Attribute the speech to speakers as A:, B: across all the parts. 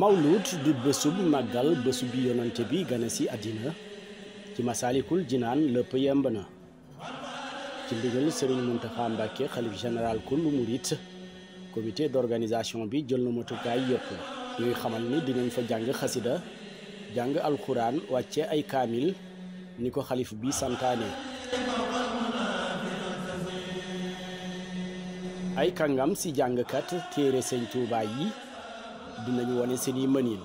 A: Maulud du besub magal besub yonante bi Ganasi adina ci masalikul jinan le peyambana ci ndigal serigne muntaha mbake Khalif General kul murid comité d'organisation bi jël na kay yépp ñuy xamal ni dinañ fa jang khasida jang alquran wacce ay kamil niko khalif bi santane ay kangam si kat téré serigne touba yi dinañ wone seen i mënin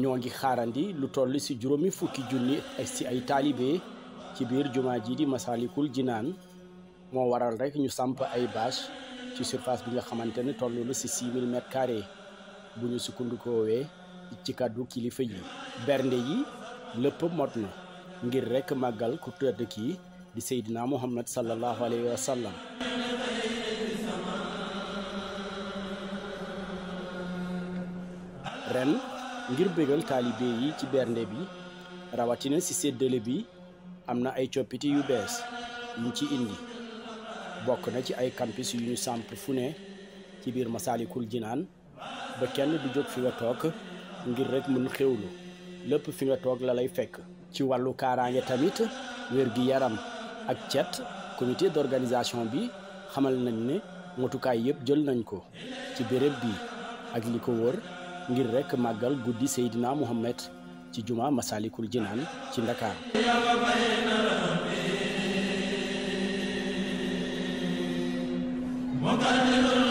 A: ñoo ngi xaarandi lu toll ci juróomi fukki junni si ay taalibe ci biir jumaa ji di Masaalikul Jinaan moo waral rek ñu samp ay bâche ci surface bi nga xamante ne toll na ci 6000 mètres carrés bu ñu sukkandikoowee ci kàddu kilifa yi. bernde yi lépp mot na ngir rekk màggal ku tëdd ki di Seydina Muhammad sallallahu alayhi wa sallam. ren ngir bégal taalibe yi ci bernde bi rawatina ci séddale bi am na ay coppite yu bees yuñ ci indi bokk na ci ay campus yu ñu samp fu ne ci biir Masaalikul Jinaan ba kenn du jóg fi nga toog ngir rek mën xewlu lépp fi nga toog la lay fekk ci wàllu kaaraange tamit wér gi yaram ak cet comité d'organisation bi xamal nañ ne motukaay yëpp jël nañ ko ci béréb bi ak li ko ngir rekk màggal guddi Seydina Mouhamed ci juma Masalikul Jinaan ci Ndakaar moo